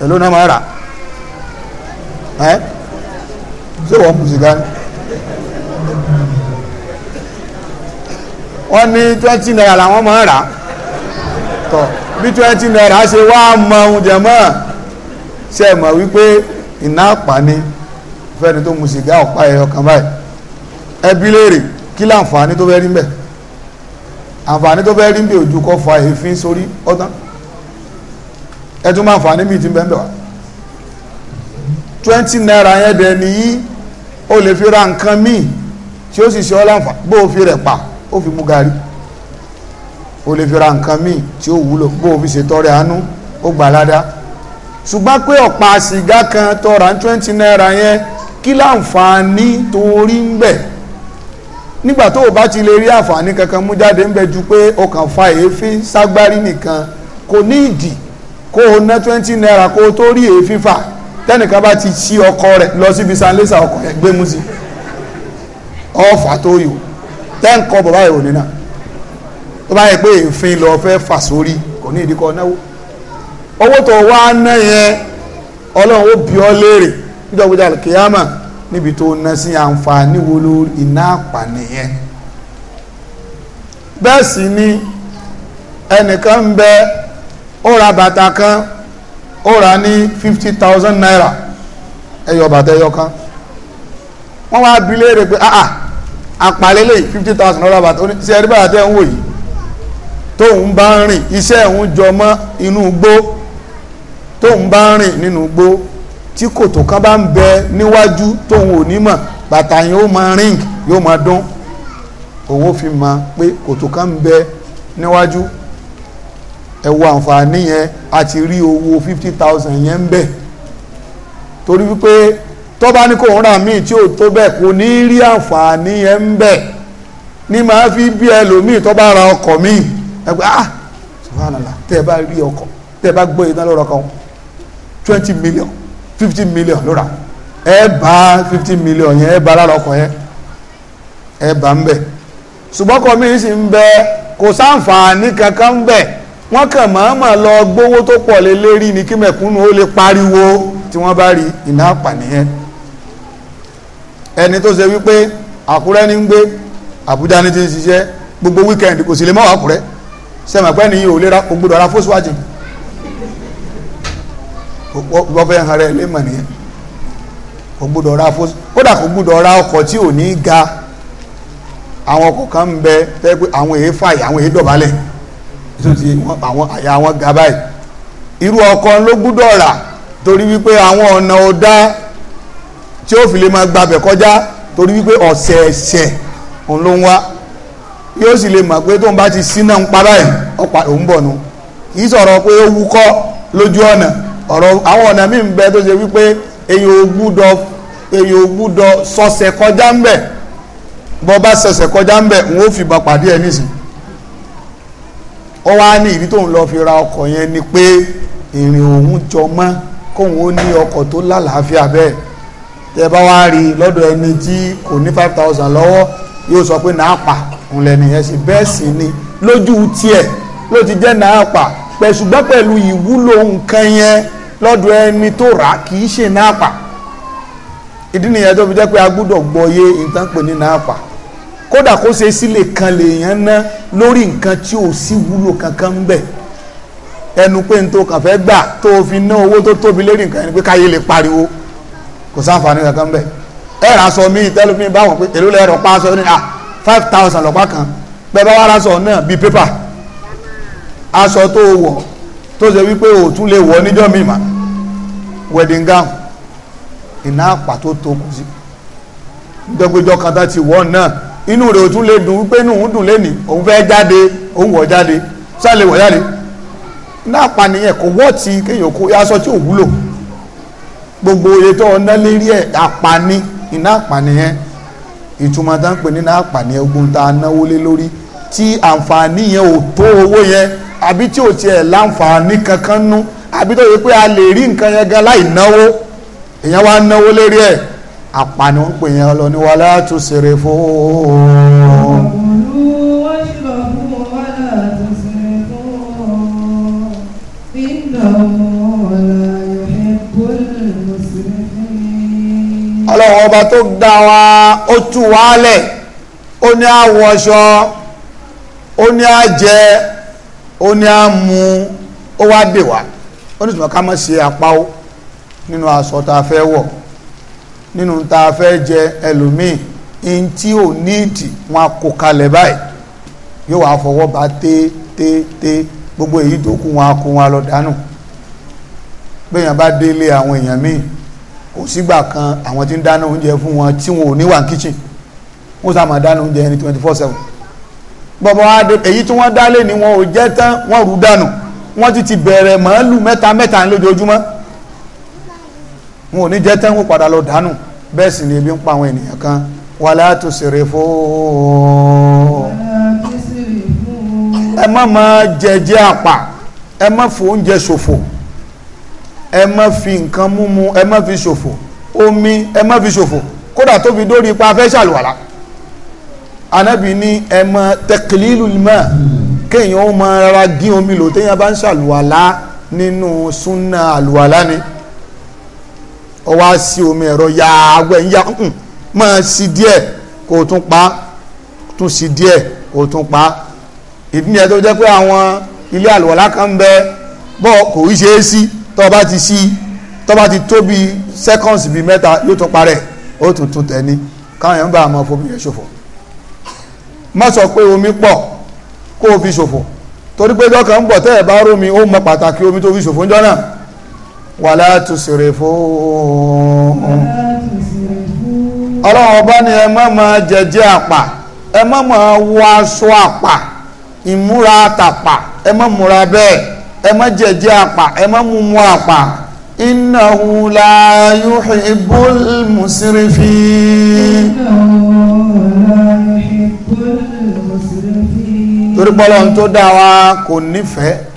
èló náà máa rà ẹ́ ṣé wọ́n mú sìgá ni wọ́n ní twenty naira làwọn máa rà tọ̀ bí twenty naira ṣe wá mọ oúnjẹ mọ́ ṣe mọ̀ wípé iná àpáni fẹ́ni tó mu sìgá ọ̀pá ẹ̀yọ kan báyìí ẹbí léèrè kí láǹfààní tó fẹ́ rí mbẹ̀ àǹfààní tó fẹ́ rí mbẹ̀ ojú kọ́ fa èéfín sórí ọ̀tán ẹ tún máa fà níbi tí bẹ́ẹ̀ bẹ́ẹ̀ wá twenty naira yẹn dẹ̀ nìyí o lè fi ra nǹkan míì tí ó sì ṣe ọ́ láǹfà bó o fi rẹ̀ pa ó fi mú gàrí o lè fi ra nǹkan míì tí ó wúlò bó o fi ṣètọrẹ àánú ó gbà ládàá ṣùgbọ́n pé ọ̀pá sìgá kan tọrà twenty naira yẹn kí láǹfààní torí ń bẹ̀ nígbà tó o bá ti lè rí àǹfààní kankan mú jáde ń bẹ ju pé o kàn fa èéfín ságbárí nìkan kò ní ìdí kó o ná twenty naira kó o tó rí teni fà tẹ́nìkan bá ti ṣí ọkọ rẹ lọ síbi sanlẹ́sà ọkọ rẹ̀ gbé mú sí ọ̀fà tó yò kọ bàbá yẹ̀ òní náà tó bá yẹ pé èéfín lọ fẹ́ fà sórí kò ní ìdíkọ̀ náwó owó tó wá ná yẹn ọlọ́run ó bí ọ léèrè níjọba kìyàmà níbi tó ná sí àǹfààní wo iná bẹ́ẹ̀ sì ni ẹnìkan ó ra bàtà kan ó ra ní fifty thousand naira ẹyọ bàtà ẹyọ kan wọ́n wá bi léèrè pé ah ah àpàlélẹ̀ fifty thousand naira bàtà ṣe ẹ̀rí bàtà tẹ̀ ń wò yìí tóun bá ń rìn iṣẹ́ òun jọ mọ́ inú igbó tóun bá ń rìn nínú igbó tí kòtò kan bá ń bẹ níwájú tóun ò ní mọ̀ bàtà yẹn ó máa rìn yóò máa dún òun ó fi mọ̀ pé kòtò kan ń bẹ níwájú ẹ wo àǹfààní yẹn a ti rí owó fifty thousand yẹn ń bẹ̀ torí wípé tó bá ní kò ń ra míì tí ò tó bẹ́ẹ̀ kò ní rí àǹfààní yẹn ń bẹ̀ ní màá fi bí ẹlòmíì tó bá ra ọkọ̀ míì ẹ gbé ah subhanallah tẹ́ ẹ bá rí ọkọ̀ tẹ́ ẹ bá gbọ́ iná lọ́rọ̀ kan twenty million fifty million ló rà ẹ bá fifty million yẹn ẹ bá lára ọkọ̀ yẹn ẹ bá ń bẹ̀ ṣùgbọ́n kọ́ mi sì ń bẹ kò sáǹfààní kankan ń bẹ̀ wọ́n kàn mọ̀ọ́mọ̀ lọ gbówó tó pọ̀ lé lérí ni kí mẹ̀kúnnù ó lè pariwo tí wọ́n bá rí iná pànìyàn ẹni tó ṣe wípé àkúrẹ́ ní ń gbé àbújá ní ti ń ṣiṣẹ́ gbogbo wíkẹ́ndì kò sì lè mọ́wàá àkúrẹ́ sẹ́mẹ̀pẹ́ ni yìí ò lè ra ara fóṣùwájì bọ́fẹ́ hàn rẹ̀ lè mọ̀ nìyẹn kò gbúdọ̀ ra fó kódà kò gbúdọ̀ ra ọkọ̀ tí ò ní ga àwọn ọkọ̀ kan ń bẹ tẹ́ pé àwọn èé fàyè àwọn èé dọ̀bálẹ̀ tó ti àwọn àyà wọn ga báyìí irú ọkọ ló gbúdọ̀ rà torí wípé àwọn ọ̀nà ọ̀dá tí ó fi lè máa gbabẹ̀ kọjá torí wípé ọ̀sẹ̀ẹ̀sẹ̀ òun ló ń wá yóò sì lè mọ̀ pé tóun bá ti síná ń pa báyìí ọ̀pá òun bọ̀ nu kì í sọ̀rọ̀ pé ó wúkọ́ lójú ọ̀nà ọ̀rọ̀ àwọn ọ̀nà míì ń bẹ tó ṣe wípé èyàn ò gbúdọ̀ èyàn ò gbúdọ̀ sọ̀sẹ̀ kọjá ń bẹ̀ bọ́ bá sọ̀sẹ̀ kọjá ń bẹ̀ òun ó fìbọn pàdé ẹ̀ nísìnyí ó wá ní ìdí tóun lọ fi ra ọkọ̀ yẹn ni pé ìrìn òun jọ mọ́ kóun ó ní ọkọ̀ tó lálàáfíà bẹ́ẹ̀ tẹ bá wá rí lọ́dọ̀ ẹni tí kò ní five thousand lọ́wọ́ yóò sọ pé náà pa òun lẹ́nu yẹn sì bẹ́ẹ̀ sì ni lójú tiẹ̀ ló ti jẹ́ náà pa pẹ̀ ṣùgbọ́n pẹ̀lú ìwúlò nǹkan yẹn lọ́dọ̀ ẹni tó rà kì í ṣe náà pa ìdí nìyẹn tó fi jẹ́ pé a gbúdọ̀ gbọ́yé nǹkan pè ní náà pa kódà kó ṣe sílé kan lèèyàn ná lórí nǹkan tí ò sí wúlò kankan ń bẹ̀ ẹnu pé n tó kàn fẹ́ gbà tó o fi ná owó tó tóbi lérí nǹkan ẹni pé káyé lè pariwo kò sáǹfààní kankan ń bẹ̀ ẹ rà sọ mí tẹlifíìn báwọn pé èló lẹ́rọ pa aṣọ ní à five thousand lọ́pàá kan pẹ́ bá wà lásọ̀ náà bíi pépà aṣọ tó o wọ̀ tó ṣe wípé o tún lè wọ̀ níjọ́ mi mà wedding gown ìná àpà tó tó kù sí gbẹgbẹjọ kan tá ti wọ̀ náà inú rẹ̀ ò tún lè dùn wípé inú òun dùn lẹ́nìí òun fẹ́ jáde òun wọ̀ jáde sálẹ̀ wọ̀ jáde náà pànìyàn kò wọ́ọ̀tì kéèyàn kó aṣọ tí ò wúlò gbogbo oye tó ọ̀nà lérí ẹ̀ àpàní iná àpànìyàn ìtumọ̀ tá ń pè ní iná àpànìyàn ogun tá a náwó lé lórí tí àǹfààní yẹn ò tó owó yẹn àbí tí ò tiẹ̀ láǹfààní kankan nú àbí tó yẹ pé a lè rí nǹkan yẹn gan láì náwó èèyàn wá náwó lérí ẹ̀ àpàní ń pè yẹn lọ ní wàlá tó ṣeré fún ọlọ́wọ́ ọba tó dá wa ó tú wa lẹ̀ ó ní àwọṣọ ó ní àjẹ ó ní àmú ó wá dè wá ó ní ìtumọ̀ ká má ṣe àpáwó nínú aṣọ tá a fẹ́ wọ̀ nínú tá a fẹ́ jẹ ẹlòmíì in tí ò ní ìdì wọn kò kalẹ̀ báyìí yóò wá fọwọ́ bá té té té gbogbo èyí tó kù wọn kó wọn lọ dànù bẹ́ẹ̀yàn bá délé àwọn èèyàn míì kò sígbà kan àwọn tí ń dáná oúnjẹ fún wọn tí wọn ò ní wà ní kitchen wọ́n sá máa dáná oúnjẹ ẹni twenty four seven bọ́bọ́ adé èyí tí wọ́n dálé ni wọn ò jẹ́ tán wọ́n rú dànù wọ́n ti ti bẹ̀rẹ̀ màálù mẹ́ta mẹ́ta lójoojúmọ́ wọn ò ní jẹ́ tán wọ́n padà lọ dànù bẹ́ẹ̀ sì ni ebi ń pa àwọn ènìyàn kan wala tusrifu ẹ má máa jẹjẹ àpà ẹ má fò omi ẹ má fi ṣòfò kódà tó fi dórí ipa fẹ́ ṣàlùwàlà anábì ní ẹ má taqlilul omi lò téèyàn bá ń ṣàlùwàlà nínú súnà àlùwàlà ọwọ́ á sí omi ẹ̀rọ yaago ẹ̀ ya máa sí díẹ̀ kó o tún pa tún sí díẹ̀ kó o tún pa ìdí nìyẹn tó jẹ́ pé àwọn ilé àlùwàlá kan ń bẹ bọ́ kò í ṣe é sí tó o bá ti sí tó o bá ti tó bíi seconds bíi mẹ́ta yóò tún parẹ́ ó tún tún tẹ̀ ní káwọn èèyàn bá máa fomi yẹn ṣòfò má sọ pé omi pọ̀ kó o fi ṣòfò torí pé dọ́kà ń bọ̀ tẹ́ ẹ̀ bá rómi ó mọ pàtàkì omi tó fi ṣòfò ń jọ náà wàlá tusrifu ọlọ́run ọba ni ẹ má máa jẹjẹ àpà ẹ má máa wọ aṣọ àpà ìmúra àtàpà ẹ má múra bẹ́ẹ̀ ẹ má jẹjẹ àpà ẹ má mumu àpà innahu la yuhibbul musrifin torí pé tó dá wa kò nífẹ̀ẹ́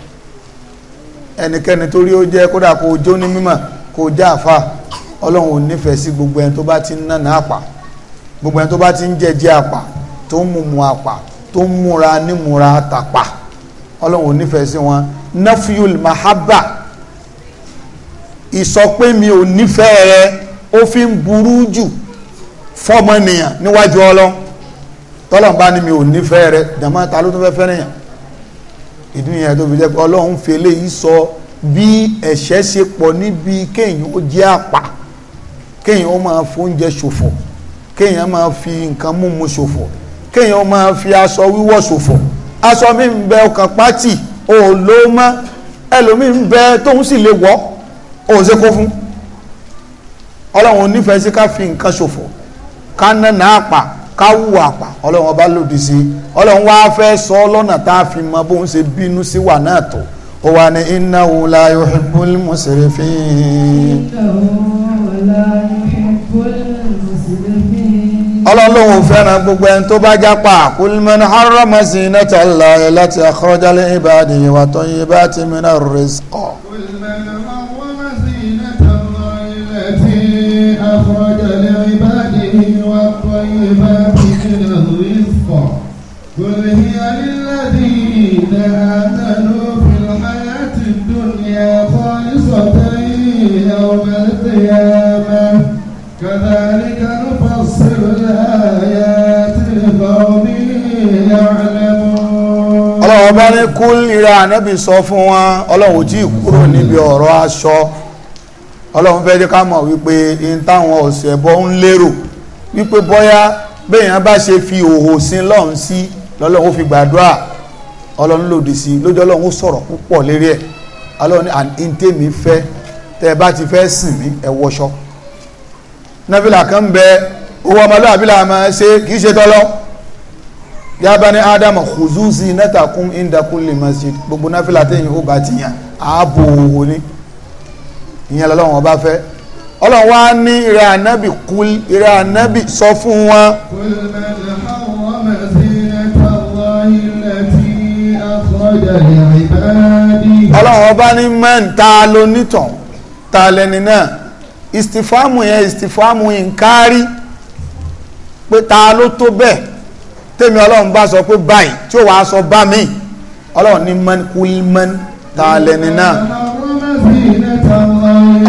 ẹnikẹ́ni torí ó jẹ́ kódà kó jó ní mímọ̀ kó já àfà ọlọ́run ò nífẹ̀ẹ́ sí gbogbo ẹni tó bá ti ń nànà àpà gbogbo ẹni tó bá ti ń jẹ́jẹ́ àpà tó ń mumu àpà tó ń múra nímúra tàpà ọlọ́run ò nífẹ̀ẹ́ sí wọn nafiul mahaba ìsọpé mi ò nífẹ̀ẹ́ rẹ ó fi ń burú jù fọmọnìyàn níwájú ọlọ́run tọ́lọ̀ bá mi ò nífẹ̀ẹ́ rẹ jàmọ́ ta ló tún fẹ́ fẹ́ràn yàn ìdí yẹn tó fi jẹ́ pé ọlọ́run fi eléyìí sọ bí ẹ̀ṣẹ̀ ṣe pọ̀ níbi kéèyàn ó jẹ́ àpà kéèyàn ó máa fóúnjẹ ṣòfò kéèyàn máa fi nǹkan múmu ṣòfò kéèyàn ó máa fi aṣọ wíwọ̀ ṣòfò aṣọ mi ń bẹ ọkàn pátì ò ló mọ́ ẹlòmíì bẹ tóun sì lè wọ̀ ò ṣe kó fún ọlọ́run onífẹ̀ẹ́ sí ká fi nǹkan ṣòfò ká nánà káwùwà pa ọlọ́run ọba lòdì sí ọlọ́run wá fẹ́ sọ lọ́nà tá a fi mọ bó ń ṣe bínú sí wà náà tó ó wà ní innahu la yuhibbul musrifin. ọlọ́run fẹ́ràn gbogbo ẹni tó bá jápa kul man harrama zinata Allahi allati akhraja li ibadihi wa tayyibati minar rizq. kul man harrama. الباطل الرزق قل هي للذين آمنوا في الحياة الدنيا خالصة يوم القيامة كذلك نفصل الآيات لقوم يعلمون ọlọ́run ọba ní kúlì ra ànábì sọ fún wọn ọlọ́run tí kúrò níbi ọ̀rọ̀ aṣọ ọlọ́run fẹ́ jẹ́ ká mọ̀ wípé in ọ̀sẹ̀ bọ́ ń lérò wípé bọ́yá béèyàn bá ṣe fi òhò sin lọ́hùn sí lọ́lọ́hùn ó fi gbàdúrà ọlọ́run lòdì sí lójú ọlọ́run ó sọ̀rọ̀ púpọ̀ lérí ẹ̀ ọlọ́run ní àǹtẹ̀mí fẹ́ tẹ́ ẹ bá ti fẹ́ sìn mí ẹ wọṣọ nàfìlà kan bẹ owó ọmọlúwàbí là máa ṣe kì í ṣe tọ́lọ́ yá bá ní ádámù kùzúùsì nẹ́tàkùn ìndàkùn lè máa ṣe gbogbo nàfìlà tẹ̀yìn ó bá ti yàn ààbò òhò ni ìyẹn lọ́lọ́run ọba fẹ́ ọlọ́run wá ní ìrẹ́ ànábì kú ìrẹ́ ànábì sọ fún wọn. ọlọ́run ọba ní mẹ́rin ta ló nítàn ta lẹni náà ìsìtìfáàmù yẹn ìsìtìfáàmù ìǹkárí pé ta ló tó bẹ́ẹ̀ tèmi ọlọ́run bá sọ pé báyìí tí ó wàá sọ bá mi ọlọ́run ní mẹ́rin kú mẹ́rin ta lẹni náà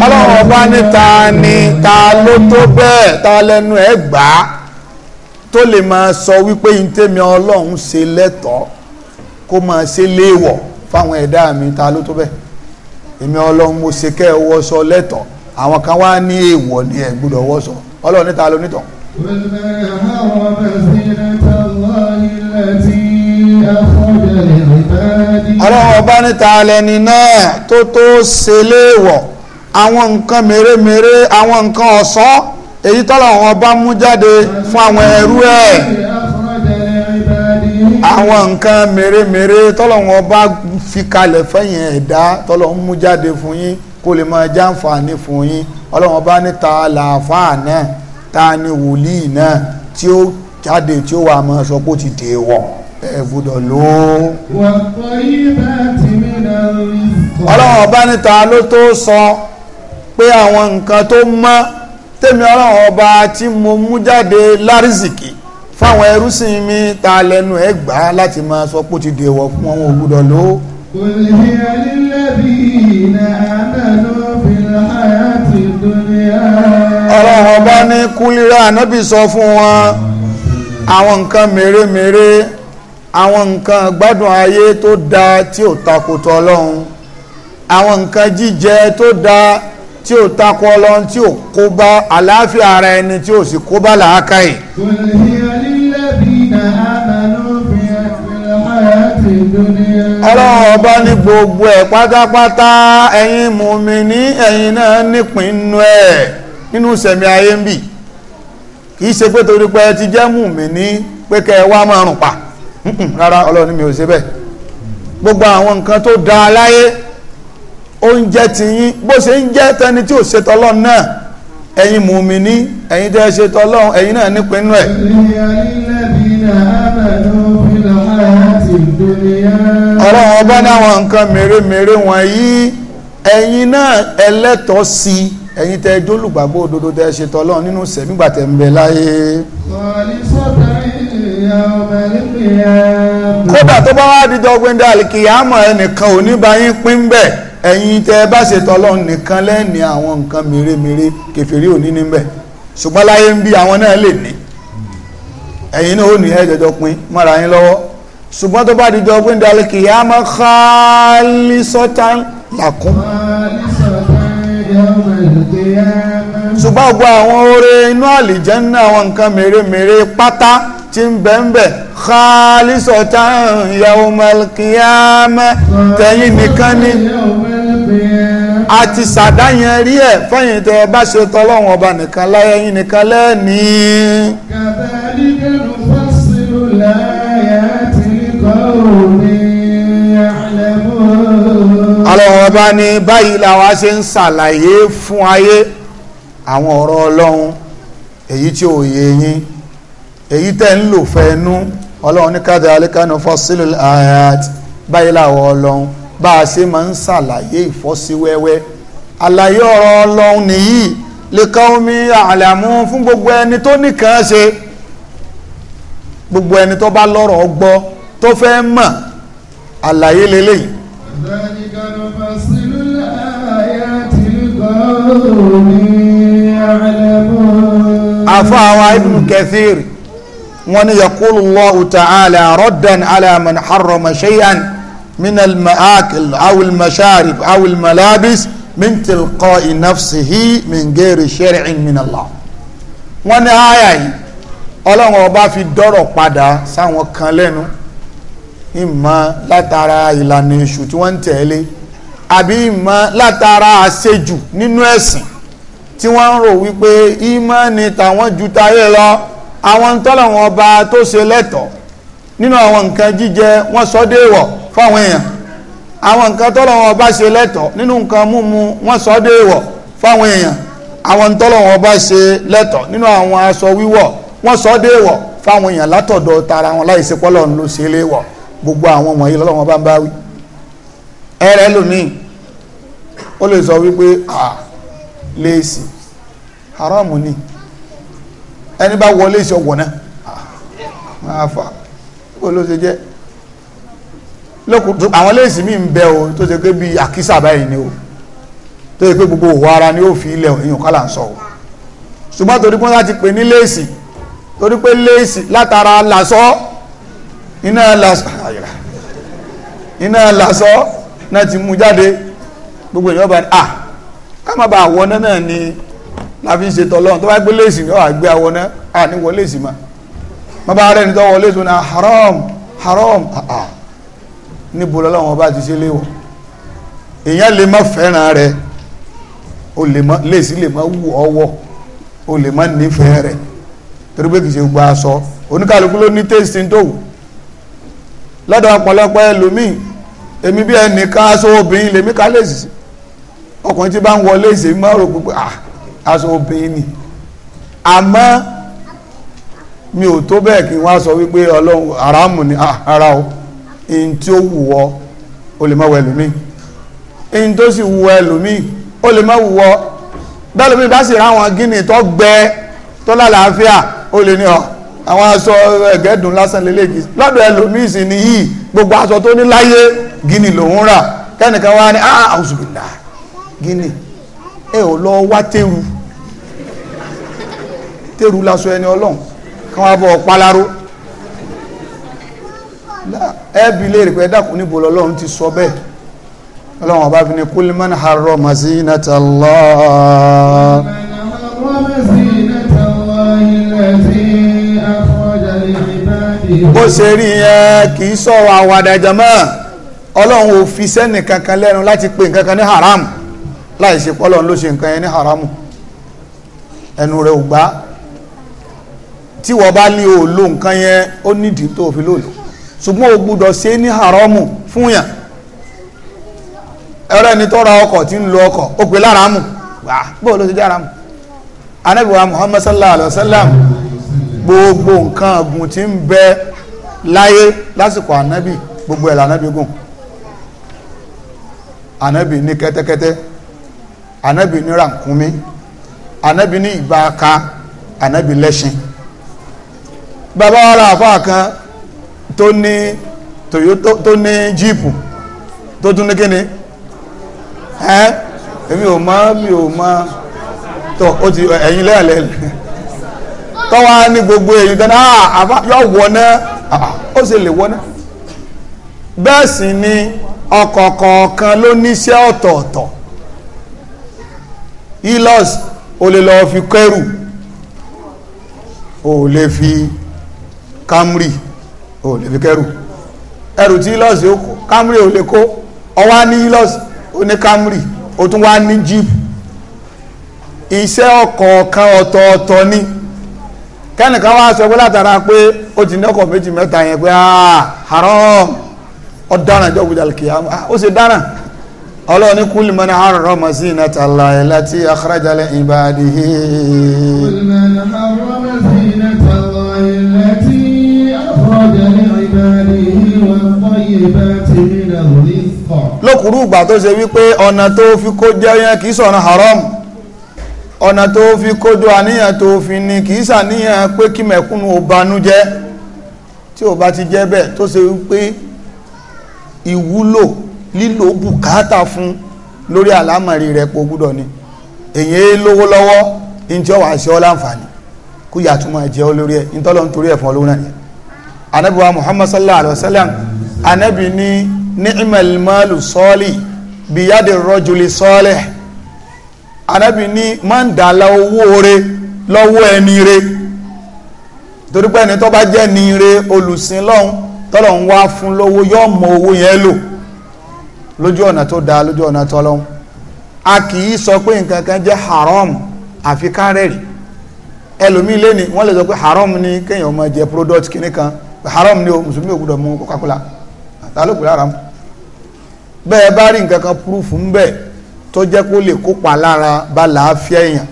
ọlọ́run ọba ní ta ni ta ló tó bẹ́ẹ̀ ta lẹ́nu ẹ̀ gbà á tó lè máa sọ wípé yín tèmi ọlọ́run ṣe lẹ́tọ̀ọ́ kó máa ṣe léèwọ̀ fáwọn ẹ̀dá mi ta ló tó bẹ́ẹ̀ èmi ọlọ́run mo ṣe kẹ́ ẹ wọ́sọ lẹ́tọ̀ọ́ àwọn kan wá ní èèwọ̀ ni ẹ̀ gbọ́dọ̀ wọ́sọ ọlọ́run ní ló nítọ̀. ọlọ́run ọba ní lẹni náà tó tó ṣe léèwọ̀. àwọn nǹkan mèremère àwọn nǹkan ọ̀ṣọ́ èyí tọ́lọ́run ọba mú jáde fún àwọn ẹrú ẹ̀ àwọn nǹkan mèremère tọ́lọ́run ọba fi kalẹ̀ fẹ́yìn ẹ̀dá tọ́lọ́run mú jáde fún yín kó lè máa fún yín náà ta ni wòlíì náà tí ó jáde tí ó wà máa sọ pé ti dè wọ̀ ẹ ló. ní ta sọ. pé àwọn nǹkan tó mọ́ tèmi ọlọ́run ọba tí mo mú jáde lárísìkì fáwọn ẹrúsìn mi ta lẹ́nu ẹ̀ gbà láti máa sọ pé ó ti dèwọ̀ fún wọn ògbúdọ̀ ló. olùyẹ nílẹ̀bí iná àdánù fìlà àyàtì dúnìá. ọlọ́run ọba ní kúlíra ànábì sọ fún wọn àwọn nǹkan mèremère àwọn nǹkan gbádùn ayé tó dáa tí ò takòtò ọlọ́run àwọn nǹkan jíjẹ tó dáa tí ó takọ ọlọ́run tí ó kó bá àlàáfíà ara ẹni tí ó sì kó bá làákàyè. ọlọ́run ọba ní gbogbo ẹ̀ pátápátá ẹ̀yin ní ẹ̀yin náà nípìn inú ẹ̀ nínú sẹ̀mí ayé ń bì kì í ṣe pé torí pé ẹ ti jẹ́ pé kẹ́ ẹ wá máa rùn pa rárá ọlọ́run mi gbogbo àwọn nǹkan tó dáa oúnjẹ ti yín bó ṣe ń jẹ́ tẹni tí ò ṣetọ́lọ́n náà ẹ̀yin ní ẹ̀yin tẹ́ ṣetọ́lọ́n ẹ̀yin náà nípinnu ẹ̀. ọ̀rọ̀ wọn dáwọn nǹkan mèremère wọn yìí ẹ̀yin náà ẹlẹ́tọ̀ọ́ sí i ẹ̀yin tẹ́ jólùgbàgbọ́ òdodo tẹ́ ṣetọ́lọ́n nínú sẹ̀mígbà tẹ̀ ń bẹ láyé. kódà tó bá wá ẹnìkan ò ní bá yín pín ẹ̀yin tẹ́ bá ṣe tọ́lọ́run nìkan lẹ́ni àwọn nǹkan mèremère kèfèrí òní níbẹ̀ ṣùgbọ́n láyé ń bí àwọn náà lè ní ẹ̀yin náà ó ní ẹ̀jọ̀jọ̀ pin mọ́ra yín lọ́wọ́ ṣùgbọ́n tó bá di jọ pé ń dalẹ̀ kì í á mọ́ káálí sọ́tà làkún. ṣùgbọ́n gbogbo àwọn oore inú àlìjẹ́ ní àwọn nǹkan mèremère pátá tí ń bẹ ń bẹ khalisatan yawmal qiyamah tẹ̀yìn nìkan ni a ti sàdáyẹn rí ẹ̀ fẹ́yìn tó ọba ṣe tọ́lọ́wọ́n ọba nìkan láyé yín nìkan lẹ́ẹ̀ni. kàbálíkà ló fásitì ọlọ́wọ́n ọba ní báyìí làwa ṣe ń ṣàlàyé fún ayé àwọn ọ̀rọ̀ ọlọ́run èyí tí ò yé yín èyí tẹ́ ń lò fẹ́ẹ́nú ọlọ́run ní kadhalika nufassilu al-ayat báyìí làwọn ọlọ́run bá a ṣe máa ń ṣàlàyé ìfọ́síwẹ́wẹ́ àlàyé ọ̀rọ̀ ọlọ́run nìyí lè ká omi àlàmú fún gbogbo ẹni tó nìkan ṣe gbogbo ẹni tó bá lọ́rọ̀ gbọ́ tó fẹ́ mọ̀ àlàyé lélẹ́yìí. àfọ àwọn ibùn kẹsìrì wọ́n ní yakulu Allahu ta'ala raddan ala man harrama shay'an min al-ma'akil awil masharib awil malabis min tilqa'i nafsihi min ghairi shar'in min Allah. wọ́n ní àyà yìí ọlọ́run ọba fi dọ́rọ̀ padà sáwọn kan lẹ́nu ìmọ̀ látara ìlànà èṣù tí wọ́n ń tẹ̀lé àbí ìmọ̀ látara àṣejù nínú ẹ̀sìn tí wọ́n ń rò wípé ìmọ̀ ni tàwọn ju tayé lọ àwọn tọ́lọ̀ wọn bá tó ṣe lẹ́tọ̀ọ́ nínú àwọn nǹkan jíjẹ wọ́n sọ déèwọ̀ fáwọn èèyàn àwọn nǹkan tọ́lọ̀ wọn bá ṣe lẹ́tọ̀ọ́ nínú nǹkan múmu wọ́n sọ déèwọ̀ fáwọn èèyàn àwọn tọ́lọ̀ wọn bá ṣe lẹ́tọ̀ọ́ nínú àwọn aṣọ wíwọ̀ wọ́n sọ déèwọ̀ fáwọn èèyàn látọ̀dọ̀ tara wọn láì ṣe pọ́lọ̀ ló ṣe léèwọ̀ gbogbo àwọn wọ̀nyí lọ́lọ́wọ́n bá ń bá wí ẹni bá wọlé ìṣọ wọ̀nà máa ah, fà bó ló ṣe jẹ́ lókùtù àwọn léèsì míì ń bẹ o tó ṣe pé bí àkísà báyìí ni o tó ṣe pé gbogbo òwò ara ni ó fi ilẹ̀ èèyàn kọ́là ń sọ o ṣùgbọ́n torí pé wọ́n láti pè ní léèsì torí pé léèsì látara làṣọ iná làṣọ iná làṣọ náà ti mú jáde gbogbo èèyàn bá ní à ká má bàa wọ náà náà ni. La ń ṣe tọ́lọ́run tó bá gbé léèsì ní ọ̀hà gbé awọ náà à ní wọ léèsì ma má bá rẹ̀ ní tọ́wọ́ léèsì náà haram haram àà níbo lọ́wọ́n bá ti ṣe léwọ̀ èèyàn lè má fẹ́ràn rẹ̀ o lè má léèsì lè má wù ọwọ́ o lè má nífẹ̀ẹ́ rẹ̀ torí pé kì í ṣe gba aṣọ oníkàlùkù ló ní tẹ́sítì tó wù lọ́dọ̀ ọ̀pọ̀lọpọ̀ ẹlòmíì èmi bí ẹnìkan aṣọ obìnrin lèmi ká léèsì ọkùnrin tí bá ń wọ léèsì má rò pé ah aṣọ obìnrin ni àmọ́ mi ò tó bẹ́ẹ̀ kí wọ́n sọ wípé ọlọ́run aráàmù ni ara ah, o in tí ó wù ọ́ o lè má wọ ẹlòmíì in tó sì wù ẹlòmíì o lè má wù ọ́ bẹ́ẹ̀ lómi bá sì ráwọn gíní tó gbẹ tó lálàáfíà o lè ní ọ àwọn aṣọ ẹ̀gẹ́dùn lásán lélẹ́gì lọ́dọ̀ ẹlòmíì sì ni yìí gbogbo aṣọ tó ní láyé gíní lòún rà kẹ́nìkan wá ní ah àwùjọ gíní ẹ ò lọ wá tẹ́rù tẹ́rù lásọ ẹni ọlọ́run kan wá bọ̀ palaro ẹbí lè rí pé dákun níbo lọ́lọ́run ti sọ bẹ́ẹ̀ ọlọ́run ọba fi ni kulman harro mazinata Allah bó ṣe rí yẹn kì í sọ̀rọ̀ àwàdà jàmọ́ ọlọ́run ò fi sẹ́nì kankan lẹ́nu láti pè nǹkan kan ní haram láì ṣe pé ọlọ́run ló ṣe nǹkan yẹn ní haramu ẹnu rẹ̀ ò gbà á tí wọ́n bá ní o lo nǹkan yẹn ó nídìí tó fi lò lò ṣùgbọ́n o gbúdọ̀ ṣe ní haramu fún yàn ẹ̀rọ ẹni tó ra ọkọ̀ tí ń lo ọkọ̀ ó pè láramu wà bóò ló ti jẹ́ aramu ànábì wa muhammad sallallahu alayhi wa sallam gbogbo nǹkan ọ̀gùn tí ń bẹ láyé lásìkò ànábì gbogbo ẹ̀ lànábì gùn ànábì ní kẹ́tẹ́kẹ́tẹ́ ànábì ní ràkúnmí ànábì ní ìbáaka ànábì lẹ́ṣin bàbá wa ra àfáà kan tó ní Toyota tó ní jíìpù tó tún ní kíni ẹ́ èmi ò máa mi ò mọ̀ tó ó ti ẹ̀yìn lẹ́ẹ̀lẹ́ tó wá ní gbogbo èyí tán náà àfá yọ wọná ó sì lè náà. bẹ́ẹ̀ sì ni ọkọ̀ kọ̀ọ̀kan ló níṣẹ́ ọ̀tọ̀ọ̀tọ̀ ilos o lè lọ fi kẹrù o lè fi Camry oh, lè fi kẹrù ẹrù tí ilọ́ọ̀sì ó kó Camry ò lè kó ọwá ní ilọ́ọ̀sì ó ní Camry ó tún wá ní Jeep iṣẹ́ ọ̀kọ̀ọ̀kan ọ̀tọ̀ọ̀tọ̀ ni kẹ́nìkan wá sọ pé látara pé ó ti ní méjì mẹ́ta yẹn pé ah, haram ọ̀daràn ìjọ gbọdọ̀ kìyàmù ah, ó ṣe dáràn ọlọ́run ní kúlì mọ́ni harrama zinata Allahi allati akhraja li ibadihi. kúlì lókùrú ìgbà tó ṣe wípé ọ̀nà tó fi kó jẹ́ yẹn kìí sọ̀nà haram ọ̀nà tó fi àníyàn tó fi ní kìí sàníyàn pé kí mẹ̀kúnnù ò jẹ́ tí ò bá ti jẹ́ bẹ́ẹ̀ tó ṣe wípé ìwúlò lílò bùkátà fún lórí àlámọ̀rí rẹ̀ pò gbúdọ̀ ni èyí lówó lọ́wọ́ wà ṣe ọ́ láǹfààní kó yàtúmọ̀ ẹ̀ anabi ni ni'mal malu sọ́ọ̀lì bíyàdì rọ́júlì sọ́ọ̀lì anabi ní máa ń owó re lọ́wọ́ ẹni re torí pé ẹni tó bá jẹ́ ni re olùsìn lọ́hún tọ́lọ̀ ń wá fún lówó yóò mọ owó yẹn lò lójú ọ̀nà tó dáa lójú ọ̀nà tọ́lọ́hún a kì í sọ pé nǹkan kan jẹ́ haram àfi kárẹ̀rì ẹlòmíì lẹ́ni wọ́n lè sọ pé haram ni kéèyàn máa jẹ product kìnnìkan haram ni o mùsùlùmí ò gbọ́dọ̀ mú coca-cola ta ló pè mu bẹ́ẹ̀ bá rí nǹkan kan púrúfù ń bẹ̀ tó jẹ́ kó lè kópa lára bá làáfíà èèyàn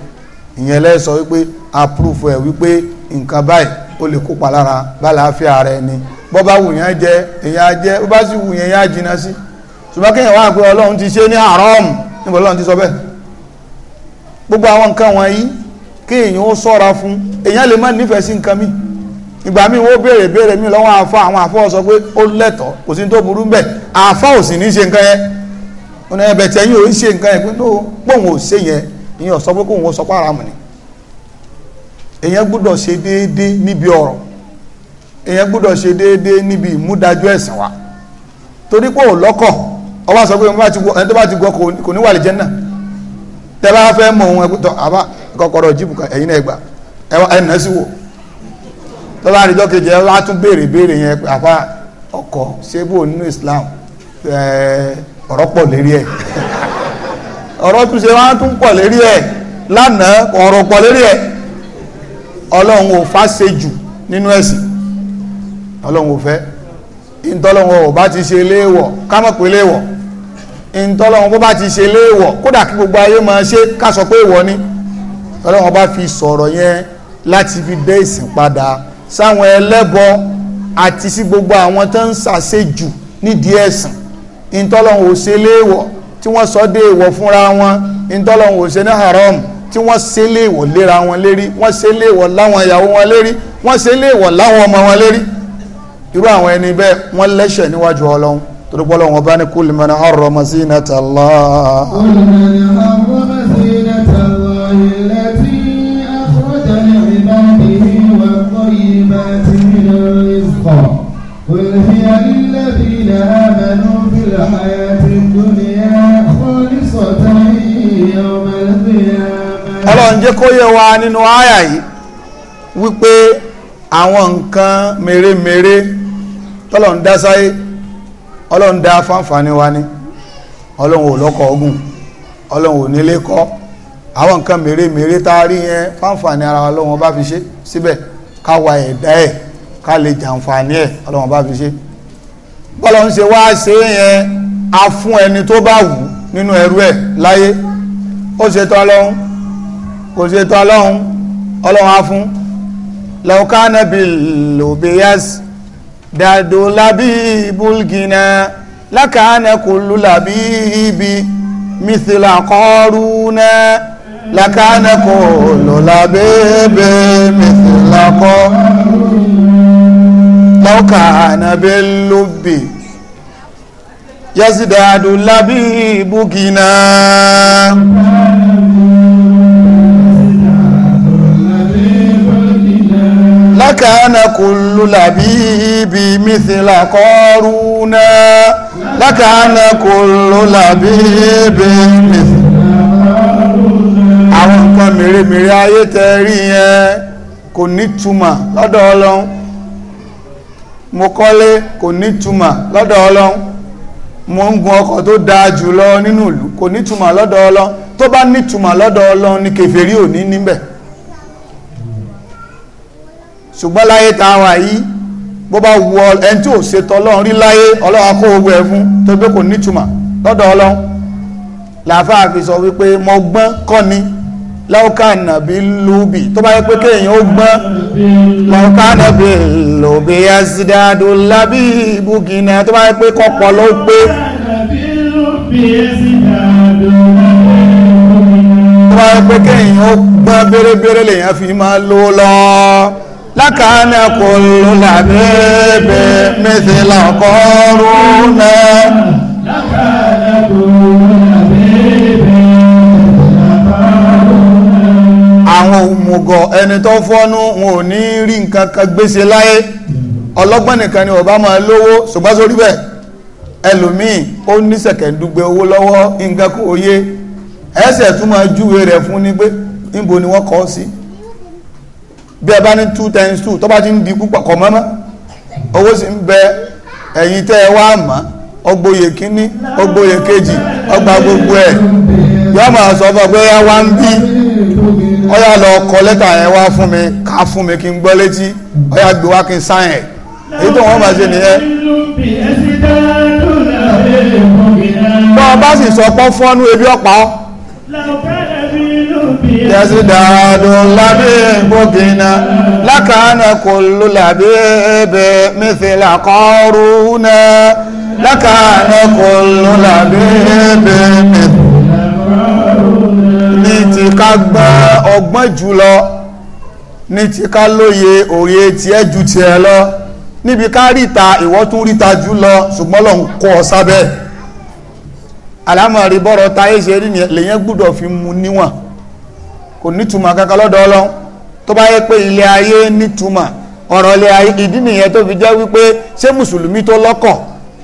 ìyẹn lẹ́sọ wípé àpúrúfù ẹ̀ wípé nǹkan báyìí ó ara ẹni bọ́ bá wù yẹn jẹ èèyàn jẹ bó bá sì wù yẹn jiná sí ṣùgbọ́n kéèyàn wá pé ọlọ́run ti ṣe ní níbo sọ bẹ́ẹ̀ gbogbo àwọn nǹkan wọ̀nyí kéèyàn ó sọ́ra fún èèyàn lè má nífẹ̀ẹ́ ìgbà mi wọ́n béèrè béèrè mi lọ́wọ́ àfa àwọn àfọ́ sọ pé ó lẹ́tọ̀ọ́ kò sí tó burú bẹ́ẹ̀ àfa ò sì ní ṣe nǹkan yẹn ọ̀nà ẹ̀bẹ̀ tẹ̀yìn ò ń ṣe nǹkan yẹn pé tó pòun ò ṣe yẹn ìyẹn sọ pé kóun ò sọ ni gbúdọ̀ ṣe déédé níbi ọ̀rọ̀ gbúdọ̀ ṣe déédé níbi ìmúdájú ẹ̀sìn wa torí pé ò lọ́kọ̀ ó sọ pé ẹni tó bá ti gbọ́ kò ní wà tó bá rí jọ́kejì ẹ wá tún béèrè béèrè yẹn àpá ọkọ ṣébò nínú Islam ọ̀rọ̀ pọ̀ lérí ẹ̀ ọ̀rọ̀ tún ṣe wá tún pọ̀ lérí ẹ̀ lánàá ọ̀rọ̀ pọ̀ lérí ẹ̀ ọlọ́run ò fáṣe jù nínú ẹ̀sìn ọlọ́run ò fẹ́ ìntọ́lọ́run ò bá ti ṣe léèwọ̀ kámọ̀ pé léèwọ̀ ìntọ́lọ́run bó bá ti ṣe léèwọ̀ kódà kí gbogbo ayé máa ṣe ká sọ pé èèwọ̀ ni ọlọ́run bá fi sọ̀rọ̀ yẹn láti fi dé ìsìn padà sáwọn ẹlẹ́bọ àti sí gbogbo àwọn tó ń ṣàṣejù nídìí ẹ̀sìn ìtọ́lọ́hún ò ṣe léèwọ̀ tí wọ́n sọ dé èèwọ̀ fúnra wọn ìtọ́lọ́hún ò ṣe ní haram tí wọ́n ṣe léèwọ̀ léra wọn lérí wọ́n ṣe léèwọ̀ láwọn ìyàwó wọn lérí wọ́n ṣe léèwọ̀ láwọn ọmọ wọn lérí irú àwọn ẹni bẹ́ẹ̀ wọ́n lẹ́ṣẹ̀ níwájú ọlọ́run torí pé ọba ní kúlìmọ́ni ọ̀rọ̀ ọmọ sí ìnàtàlá. قل هي للذين آمنوا في الحياة الدنيا خالصة يوم القيامة wa nínú àyà wípé àwọn nǹkan mèremère tọ́lọ́run dá sáyé dá ni Ọlọ́run ò lọ́kọ̀ ọ̀gùn ò àwọn nǹkan mèremère tá a rí yẹn ara wa bá fi ṣe síbẹ̀ ká lè jàǹfààní ẹ̀ ọlọ́run bá fi ṣe bọ́lá ń ṣe wá ṣe yẹn a fún ẹni tó bá wù nínú ẹrú ẹ̀ láyé ó ṣe tán ọlọ́run kò ṣe tán ọlọ́run ọlọ́run á fún lọ́kànnàbí lòbíyàs dàdó lábí búlgìnà lákàánà kùlù làbí ibi mìsìlà kọ́rùnà lákàánà kùlù làbí ibi mìsìlà لوكان باللب يزداد اللبيب غنى لكان كل لبيب مثل قارون لكان كل لبيب مثل àwọn nǹkan mèremère ayé tẹ rí yẹn kò ní túmọ̀ lọ́dọ̀ Ọlọ́run mo kọ́lé kò ní túmọ̀ lọ́dọ̀ ọlọ́run mo ń gun ọkọ̀ tó dáa jù lọ nínú ìlú kò ní túmọ̀ lọ́dọ̀ ọlọ́run tó bá ní túmọ̀ lọ́dọ̀ ọlọ́run ní kèfèrí ò ní níbẹ̀ ṣùgbọ́n láyé táwa yìí bó bá wu ẹni tí ò ṣètò ọlọ́run rí láyé ọlọ́run kó owó ẹ̀ fún tó gbé kò ní túmọ̀ lọ́dọ̀ ọlọ́run làáfàá fi sọ wípé mo gbọ́n kọ́ ni láwùká nàbí lóbi tó bá yẹ pé kéèyàn ó gbọ́n láwùká nàbí lóbi azidado lábí ibùgínà tó bá yẹ pé kọ́pọ̀ ló pé tó bá yẹ pé kéèyàn ó gbọ́n bérebére lèyàn fi máa lò lọ lákàánà kò ló làbẹ́ẹ̀bẹ̀ mẹ́sẹ̀ làkọ́rùn-ún náà lákàánà kò ló àmùgọ̀ ẹni tó fọ́nú wọn ò ní rí nǹkan kan láyé ọlọ́gbọ́n nìkan ni ọba máa lówó ṣùgbọ́n sórí bẹ́ẹ̀ ẹlòmíì ó ní sẹ̀kẹ̀ndúgbẹ owó lọ́wọ́ nǹkan kò yé ẹsẹ̀ tún máa júwe rẹ̀ fún ni pé níbo ni wọ́n kọ́ sí bí ẹ bá ní gbogbo ẹ̀ ọyá lọ kọ lẹ́tà yẹn wá fún mi ká fún mi kí n gbọ́ létí ọyá gbé wá kí n sáyẹn èyí tó wọ́n máa ṣe nìyẹn. bọ́ ọ bá sì sọ pọ́n fọ́nú ebi ọ̀pá ọ́. yẹ́sì dáadùn lábẹ́ bókinà lákàánà kò ló lábẹ́ ẹ̀bẹ̀ mẹ́fẹ̀lá kọ́ọ̀rù náà lákàánà kò ló lábẹ́ ẹ̀bẹ̀ mẹ́fẹ̀lá ká gbọ́n ọgbọ́n jù lọ ní ti ká lóye òye tiẹ̀ ju tiẹ̀ lọ níbi ká ríta ìwọ tún ríta jù lọ ṣùgbọ́n lọ́n kọ́ ọ sábẹ́ àlámọ̀rí bọ́rọ̀ táyé ṣe rí lèyẹn gbúdọ̀ fi mu níwọ̀n kò nítumọ̀ kankan lọ́dọ̀ ọlọ́run tó bá yẹ pé ilé ayé nítumọ̀ ọ̀rọ̀ ilé ayé ìdí nìyẹn tó fi jẹ́ wípé ṣé mùsùlùmí tó lọ́kọ̀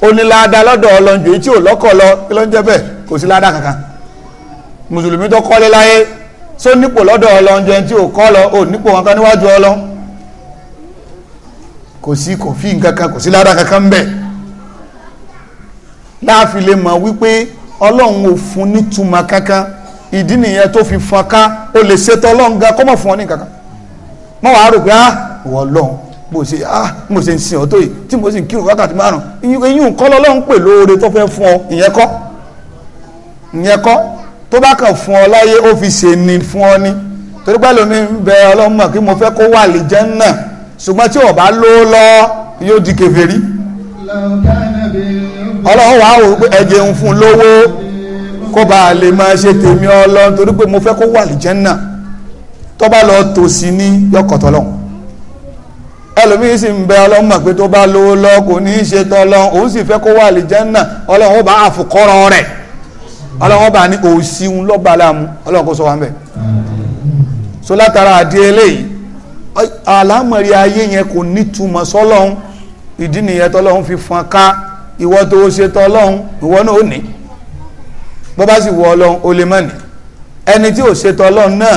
oníláàdá lọ́dọ̀ ọlọ́njọ́ tí ò lọ́kọ̀ lọ kí ló ń jẹ́ bẹ́ẹ̀ kò sí láàdá kankan mùsùlùmí tó kọ́lé láyé so nípò lọ́dọ̀ ọlọ́run jẹun tí ò kọ́ lọ ò nípò wọn kan níwájú ọlọ́run kò sí kò fi nǹkan kan kò sí lára kankan bẹ̀ láàfin lè mọ̀ wípé ọlọ́run ò fún nítumọ̀ kankan ìdí nìyẹn tó fi fọ́nká ó lè ṣètò ọlọ́run gan kọ́ fún ọ ní kankan mọ̀ wàá rò pé ah wọ́n ọlọ́run bó ṣe ah mo ṣe ń sin ọ̀tọ̀ yìí tí mo sì ń kírun wákàtí márùn-ún eyín kọ́ lọ́lọ́run pè lóore tó fẹ́ fún ọ ìyẹn kọ́ ìyẹn kọ́ tó bá kàn fún ọ láyé ó fi ṣe ni fún ọ ní torí pẹ́ lómi ń bẹ ọlọ́mọ kí mo fẹ́ kó wà lè jẹ́ náà ṣùgbọ́n tí ò bá ló lọ yóò di kèfèrí ọlọ́run wàá wò pé ẹ̀jẹ̀ ń fún lówó kó bá a lè máa ṣe tèmi ọlọ́run torí pé mo fẹ́ kó wà lè jẹ́ náà tó bá lọ tòsí ní yọkọ̀tọ̀ lọ́hùn ẹlòmíì sì ń bẹ ọlọ́mọ pé tó bá lówó lọ kò ní í ṣe tọ́lọ́hùn òun sì fẹ́ kó wà lè jẹ́ náà ọlọ́run bá àfòkọ́rọ̀ rẹ̀ ọlọ́wọ́n bá ní òsìun lọ́ba láàmú ọlọ́wọ́n kó sọ wá ń bẹ̀. so látara àdé eléyìí àlámọ̀rí ayé yẹn kò nítumọ̀ sọ́lọ́hún ìdí nìyẹn tọ́lọ́hún fi fọn ká ìwọ tó ṣe tọ́lọ́hún ìwọ náà ò ní bó bá sì wọ ọlọ́hún ó lè mọ̀ ní ẹni tí ò ṣe tọ́lọ́hún náà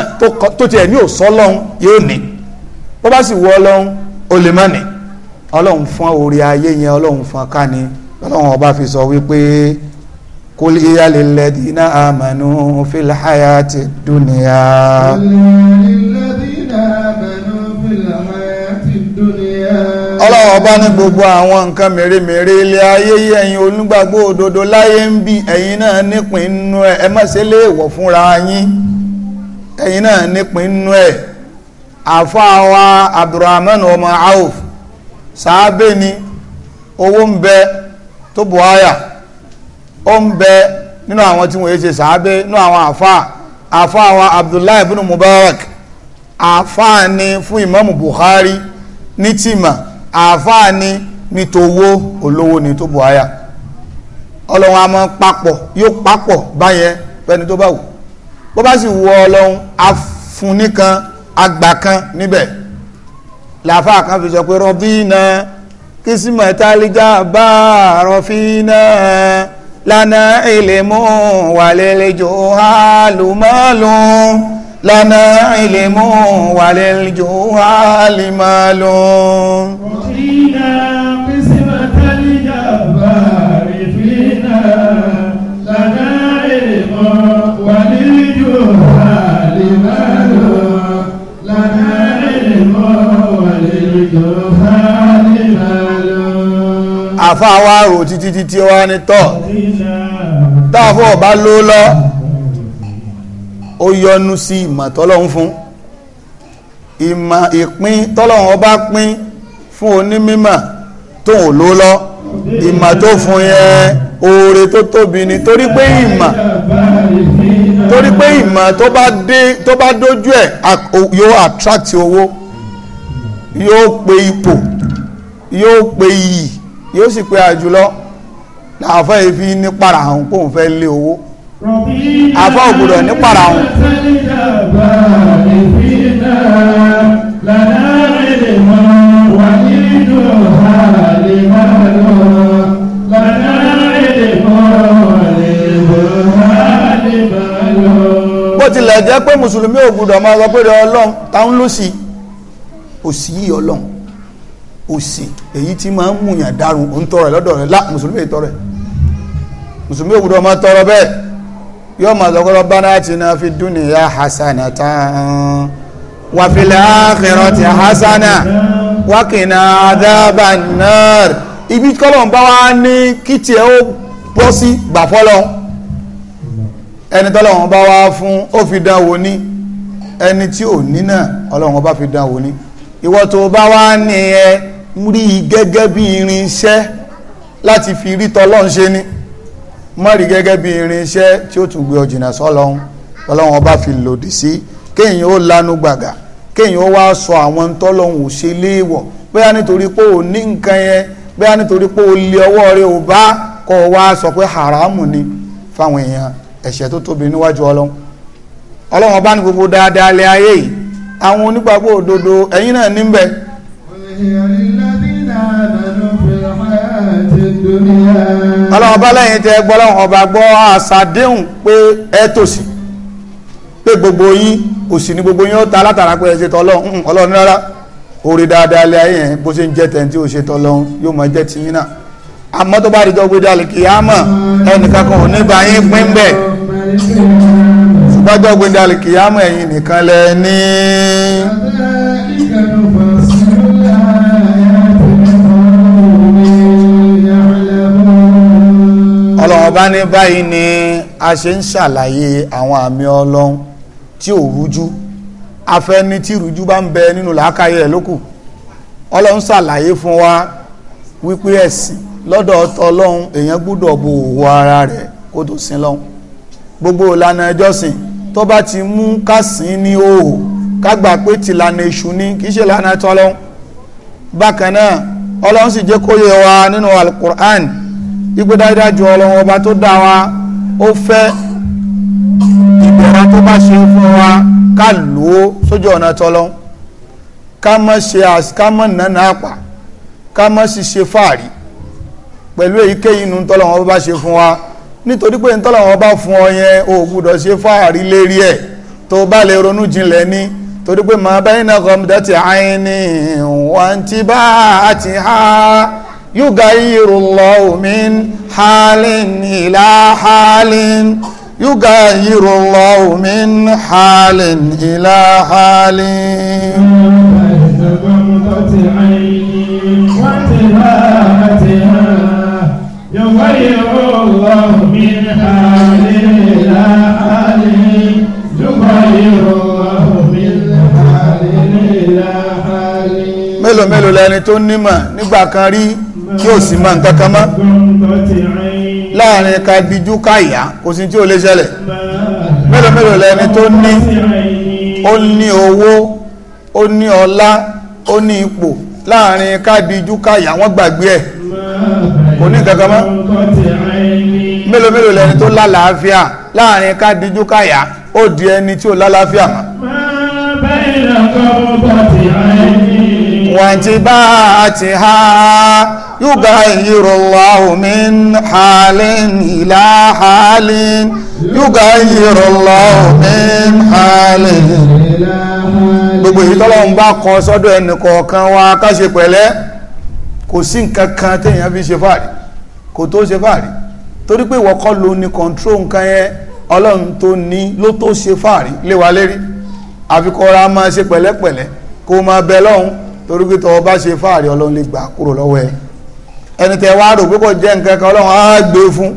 tó tiẹ̀ ní òsọ́lọ́hún yóò ní bó bá sì wọ ọlọ́hún ó lè mọ̀ ní ọlọ́hún fọn orí ayé yẹn ọlọ́hún fọn ká ni ọlọ́hún ọba fi sọ wípé. قل هي للذين آمنوا في الحياة الدنيا ọlọ́wọ́ bá ní gbogbo àwọn nǹkan mèremère ilé ayé yìí ẹ̀yin olùgbàgbọ́ òdodo láyé ń bí ẹ̀yin náà nípìn nínú ẹ̀ ẹ má ṣe léèwọ̀ fúnra yín ẹ̀yin náà nípìn ẹ̀ wa ọmọ Auf sàábẹ́ ni owó ń bẹ ó ń bẹ nínú àwọn tí wọ́n yé ṣe sàábé nínú àwọn àfa àfa àwọn abdullahi ibn mubarak àfa ni fún imamu buhari ní tìmọ̀ àfa ni ní towó olówó ní tó buhaya ọlọ́run a máa papọ̀ yóò papọ̀ báyẹn pẹ́ni tó bá wù bó bá sì wù ọlọ́run afunikan agbàkan níbẹ̀ làáfà kan fi sọ pé rọbí náà kí símọ̀ ẹ̀ta bá rọfí náà lana ilmu walil juhalu malu lana ilmu walil juhalu malu. وقينا قسمة الجبار فينا لنا علم وللجهال مال àfáà wá rò títí títí wá ní tọ́ táàfọ́ ọ̀bá ló lọ ó yọnu sí ìmọ̀ tọ́lọ́hún fún ìmọ̀ ìpín tọ́lọ́hún ọba pín fún onímímọ̀ tóun ló lọ ìmọ̀ tó fún yẹn oore tó tóbi ni torí pé ìmọ̀ torí pé ìmọ̀ tó bá dójú ẹ̀ yóò attract owó yóò pe ipò yóò pe iyì yóò sì pé àjùlọ làáfà yìí fi ní para àwọn kóun fẹ́ lé owó àfà òbúdọ̀ ní para àwọn. bó tilẹ̀ jẹ́ pé mùsùlùmí òbúdọ̀ máa sọ pé ọlọ́run táwọn ló sì òsì ọlọ́run òsì èyí tí máa ń múyàn dárun òun tọrọ ẹ lọ́dọ̀ rẹ lá mùsùlùmí èyí tọrọ ẹ mùsùlùmí òwúrọ̀ ọmọ tọrọ bẹ́ẹ̀ yóò máa sọ kọ́lọ́ bára ti na fi dúnìyà hasana tán wà fìlẹ̀ akhirati hasana wà kìnà adhaban ibi kọ́lọ̀ ń bá wa ní kí tiẹ̀ ó bọ́ sí gbà fọ́lọ́ ẹni tọ́lọ̀ wọn bá wa fún ó fi dán wò ní ẹni tí ò ní náà ọlọ́run bá fi dán wò ní ìwọ tó bá wa ní ẹ rí i gẹ́gẹ́ bí irinṣẹ́ láti fi rí tọ́lọ́n ṣe ni má rí gẹ́gẹ́ bí irinṣẹ́ tí ó tún gbé ọ jìnnà sọ́lọ́hún ọlọ́run ọba fi lòdì sí kéèyàn ó lanu gbàgà kéèyàn ó wá sọ àwọn tọ́lọ́hún ò ṣe léèwọ̀ bóyá nítorí pé ò ní nǹkan yẹn bóyá nítorí pé o lè ọwọ́ rẹ ò bá kọ́ ọ wá sọ pé haramu ni fáwọn èèyàn ẹ̀ṣẹ̀ tó tóbi níwájú ọlọ́run ọlọ́run ọba ní gbogbo dáadáa lẹ́ ayé yìí àwọn onígbàgbọ́ òdodo ẹ̀yin náà níbẹ̀ ọlọ́run ọba lẹ́yìn tẹ́ gbọ́ lọ́run ọba gbọ́ àṣàdéhùn pé ẹ tòsí pé gbogbo yín òsì ni gbogbo yín ó ta látara pé ẹ ṣe tọ́lọ́run ọlọ́run rárá orí dáadáa lé ayé yẹn bó ṣe ń jẹ́ tẹ̀ ó ṣe yóò máa jẹ́ náà àmọ́ tó bá rí gbéjà lè ọba ní báyìí ni a ṣe ń ṣàlàyé àwọn àmì ọlọ́run tí ò rújú afẹ́ni tí rújú bá ń bẹ nínú làákàyè ẹ̀ lókù ọlọ́run ṣàlàyé fún wa wípé ẹ̀sìn lọ́dọ̀ ọ̀tọ̀ ọlọ́run èèyàn gbọ́dọ̀ bo òwò ara rẹ̀ kó tó sin lọ́hun gbogbo ìlànà ẹjọ́sìn tó bá ti mú kásìn ní òòhù kágbà pé tìlànà èṣù ni kì í ṣe lànà tọ́lọ́hun bákan náà ọlọ́run sì jẹ́ kó yé wa nínú alukur'an ipò dájúdájú ọlọ́run ọba tó dá wa ó fẹ́ ìbẹ̀rẹ̀ tó bá ṣe fún wa ká lò ó sójú ọ̀nà tọ́lọ́hún ká má ṣe ká má nànà àpà ká má sì ṣe fàárì pẹ̀lú èyíkéyìí inú tọ́lọ́hún ọba ṣe fún wa nítorí pé tọ́lọ́hún ọba fún ọ yẹn o gbúdọ̀ ṣe fàárì lérí ẹ̀ tó bá lè ronú jinlẹ̀ ní torí pé màá bá iná kọ́mdọ́tì àìní wọ́n ti bá àti há. يغير الله من حال إلى حال يغير الله من حال إلى حال يغير الله من حال mélòó mélòó lẹni tó nímọ̀ nígbà kan rí kí ò sì mọ̀ nǹkan kan mọ́ láàrin ka bíjú káyà kò sí tí ó lè ṣẹlẹ̀ mélòó mélòó lẹni tó ní ó ní owó ó ní ọlá ó ní ipò láàrin ká bíjú káyà wọ́n gbàgbé ẹ̀ kò ní nǹkan kan mọ́ mélòó mélòó lẹni tó lálàáfíà láàrin ká káyà ó di ẹni tí ó lálàáfíà mọ́. bẹ́ẹ̀ ni ọkọ̀ bọ́ ti àìní وجباتها يغير الله من حال إلى حال يغير الله من حال gbogbo èyí tọ́lọ́run bá sọ́dọ̀ ẹnì kọ̀ọ̀kan wa ká ṣe pẹ̀lẹ́ kò sí nǹkan kan fi ṣe fàárì kò tó ṣe torí pé ló ní kọ̀ǹtró nǹkan yẹn ọlọ́run tó ní ló tó ṣe léwa lérí àfikọ́ra máa ṣe pẹ̀lẹ́pẹ̀lẹ́ kó máa bẹ lọ́hùn torí pé tọ́ bá ṣe fáàrí ọlọ́run lè gbà kúrò lọ́wọ́ ẹ ẹni tẹ wá rò pé kò jẹ́ nǹkan kan ọlọ́run á gbé fún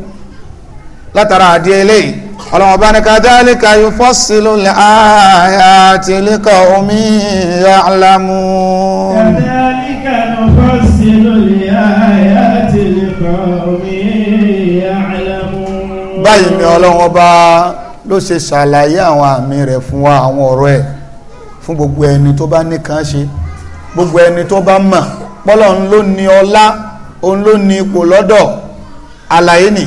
látara àdí eléyìí ọlọ́run bá ní kadhalika yufassilu al-ayati liqaumin ya'lamun. kadhalika yufassilu al-ayati liqaumin ya'lamun. báyìí ni ọlọ́run ọba ló ṣe ṣàlàyé àwọn àmì rẹ̀ fún wa àwọn ọ̀rọ̀ ẹ̀ fún gbogbo ẹni tó bá nìkan ṣe gbogbo ẹni tó bá mọ̀ pọ́lọ̀ ń ló ní ọlá òun ló ní ipò lọ́dọ̀ àlàyé nì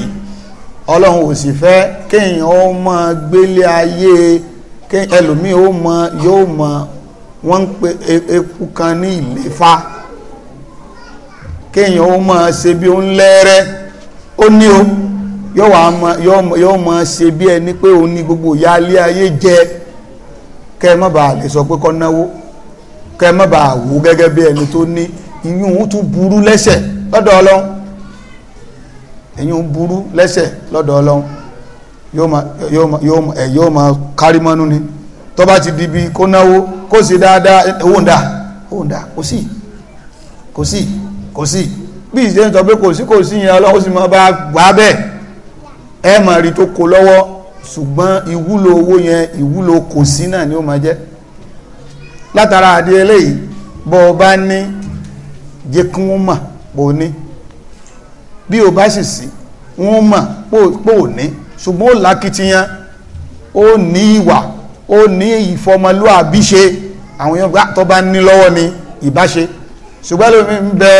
ọlọ́run ò sì fẹ́ kéèyàn ó mọ gbélé ayé ẹlòmíì ó mọ yóò mọ wọ́n ń pe eku kan ní ìléfà kéèyàn ó mọ ṣe bí ó lẹ́rẹ́ ó ní o yóò mọ ṣe bí ẹni pé òun ní gbogbo ìyá ilé ayé jẹ kẹ́ ẹ má bàa lè sọ pé kọ́ náwó kẹ́ mọ́ bá wò gẹ́gẹ́ bí ẹni tó ní ìyún ń tún burú lẹ́sẹ̀ lọ́dọ̀ ọlọ́run ìyún burú lẹ́sẹ̀ lọ́dọ̀ ọlọ́run yóò máa kárí mọ́nú ni tó bá ti di bí kó náwó kó sì dáadáa owó ń dà owó ń dà kò sí kò sí kò sí bí ìṣe ń sọ pé kò sí kò sí yẹn ọlọ́run sì máa bá gbà bẹ́ẹ̀ ẹ mọ̀ rí tó kó lọ́wọ́ ṣùgbọ́n ìwúlò owó yẹn ìwúlò kò sí náà ni ó máa jẹ́ látara àdí eléyìí bọ́ ọ bá ní jẹ́ kí wọ́n mọ̀ pò ní bí o bá sì sí wọ́n mọ̀ pò ní ṣùgbọ́n ó lákìtìyàn ó ní ìwà ó ní ìfọmọlúàbí ṣe àwọn èèyàn tó bá ní lọ́wọ́ ni ìbáṣe ṣùgbọ́n lómi ń bẹ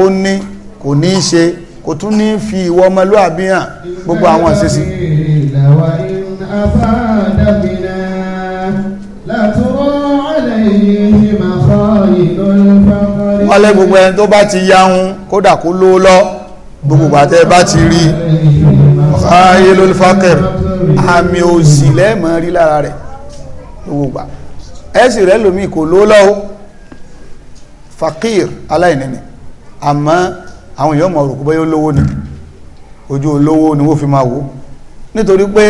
ó ní kò ní í ṣe kò tún ní fi ìwọ ọmọlúàbí hàn gbogbo àwọn àṣeṣe. ìlàwà ìrìn àbá dàbìnà látó wọ́n lé gbogbo ẹni tó bá ti yahun kódà kó ló lọ gbogbo àtẹ bá ti rí ọ̀háyé ló fákẹ̀rì àmì òsì lẹ́ẹ̀mọ́ rí lára rẹ̀ gbogbo ẹ̀sì rẹ̀ lómi kò ló lọ́wọ́ fakir aláìnẹni àmọ́ àwọn èèyàn mọ̀ òrùkú bóyá olówó ni ojú olówó ni wọ́n fi máa wò nítorí pé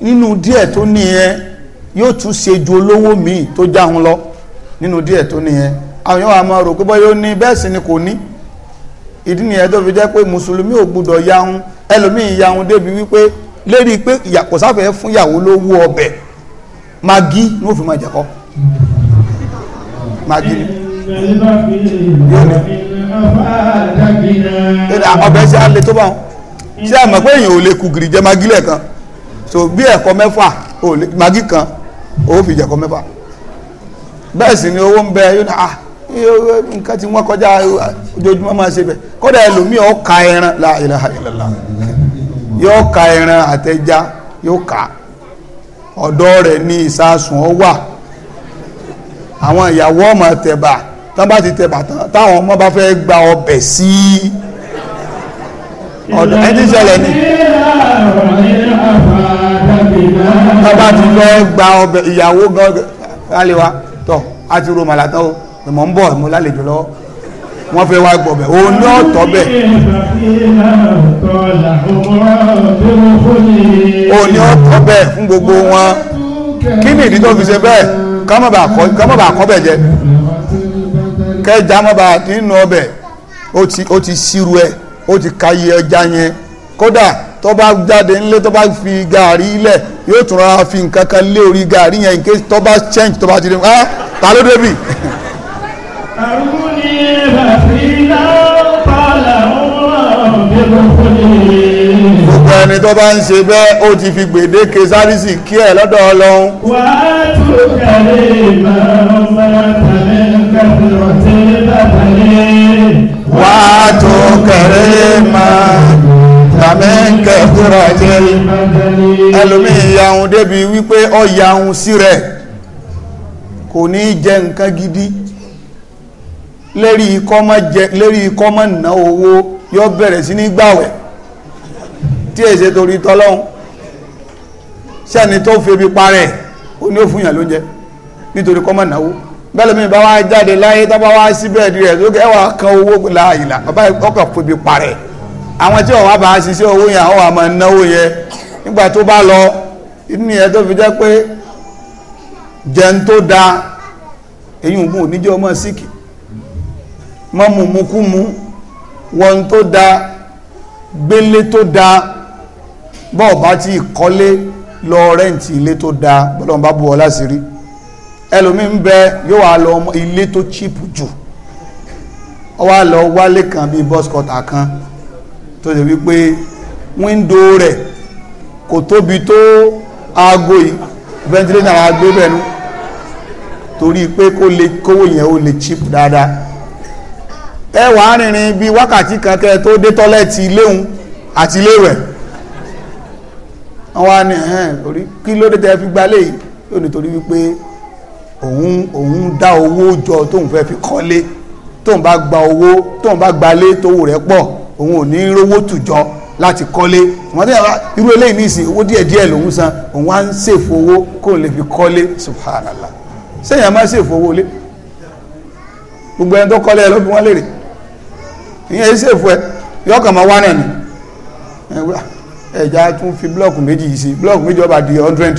nínú díẹ̀ tó ní yẹn yóò tún ṣe ju olówó míì tó já òun lọ nínú díẹ̀ tó nìyẹn àwọn yóò wá máa rò pé bọ́yọ́ ní bẹ́ẹ̀ sì ni kò ní ìdí nìyẹn tó fi jẹ́ pé mùsùlùmí ò gbúdọ̀ yahun ẹlòmíì yahun débi wípé lérí pé kò sáfẹ́ fún ìyàwó lówó ọbẹ̀ magi ni ó máa jẹ̀kọ́ magi ni ọbẹ̀ sí alẹ́ tó bá wọn ṣé àmọ́ pé èèyàn ò lè kú gìrì jẹ magi lẹ́ẹ̀kan so bí ẹ̀kọ́ mẹ́fà magi kan ó fi jẹ̀kọ́ mẹ́fà bẹ́ẹ̀ sì ni owó ń bẹ yóò ní à ah, nǹkan tí wọ́n kọjá ojoojúmọ́ máa ṣe bẹ̀ ẹlòmíì ka ẹran la yóò ka ẹran àtẹjá yóò kà ọ̀dọ́ rẹ̀ ní ìsásùn ọ wà àwọn ìyàwó ọmọ tẹ̀bà tán bá ti tẹ̀bà gba ọbẹ̀ sí ọ̀dọ̀ ẹ ti ni bàbá ti lọ gba ọbẹ̀ ìyàwó gan lálẹ́wà tọ̀ a ti ro màlá tán o mọ̀ ń bọ̀ mo lálejò lọ́wọ́ wọ́n fẹ́ wá gbọ̀bẹ̀ òun ní ọ̀tọ̀ bẹ̀ òun ní ọ̀tọ̀ bẹ̀ fún gbogbo wọn kí ni ìdí tó fi ṣe bẹ́ẹ̀ kọ́mọ̀bà kọ́bẹ̀ jẹ kẹjá mọ́ba nínú ọbẹ̀ ó ti síru ẹ̀ ó ti ka iye ọjà yẹn kódà tó bá jáde ńlé tó bá fi gàárì lẹ̀ yóò tún rọra fi nǹkan kan lé orí gàárì yẹn in tó bá change tó bá ti rí ah ta ló débì. àrùn gbogbo ẹni tó bá ń ṣe bẹ́ẹ̀ ó ti fi gbèdéke sárísì kí ẹ lọ́dọ̀ ọlọ́run. wà á tún kàlẹ́ ìmọ̀ ọmọ tàbí nǹkan tó tẹ́lẹ̀ bàbá yẹn. وعدوا كريما tàmí kẹfìrà jẹ ẹlòmí ìyàwó débi wípé ọ yàwó sí rẹ̀ kò ní jẹ nǹkan gidi lérí ikọ́ mọ́ ná owó yóò bẹ̀rẹ̀ sí ní gbàwẹ̀ tí èsè torí tọ́lọ́hun sẹ́ni tó febi parẹ́ ó ní ó fún yàn lóúnjẹ nítorí kọ́ mọ́ náwó bẹ́lẹ̀mí bá wá jáde láyé tó bá wá síbẹ̀ rí ẹ̀ lókè ẹwà kan owó láàyìnlá bàbá ọkọ̀ fòbi parẹ́ àwọn tí ọ̀wá bá ṣiṣẹ́ owó yẹn àwọn àmọ́ náwó yẹn nígbà tó bá lọ inú yẹn tó fi jẹ́ pé jẹun tó da eyín ògùn oníjẹ́ ọmọ síkì wọn tó da gbélé tó da bọ́ọ̀ bá ti lọ ẹlòmí ń bẹ yóò wá lọ ilé tó chíìpù jù ó wá lọ wálé kan bíi bọ́sikọ́tà kan tó ṣe wípé wíńdò rẹ kò tóbi tó aago yìí ventilator wa gbé torí pé kó lè kówó yẹn ó lè chíìpù dáadáa ẹ wà á rìnrìn bíi wákàtí kan kẹ́ tó dé tọ́lẹ́ẹ̀tì léhun àti léwẹ̀ wọ́n wá ní ẹ̀hẹ́n orí kí ló dé fi gbalẹ̀ yìí yóò nítorí wípé òun òun dá owó jọ tóun fẹ́ fi kọ́lé tóun bá gba owó tóun bá gbalé tówó rẹ̀ pọ̀ òun ò ní rówó tùjọ láti kọ́lé ìmọ̀tẹ́ irú eléyìí ní ìsìn owó díẹ̀díẹ̀ lòun san òun á ń ṣèfò owó kó lè fi kọ́lé subhanallah sẹ́yìn a máa ṣèfò owó lé gbogbo ẹni tó kọ́lé ẹ ló fi wọ́n lérè ìyẹn ẹ ẹ yọ kàn máa wá náà ni ẹja tún fi blọọkù méjì yìí sí blọọkù méjì ọba di hundred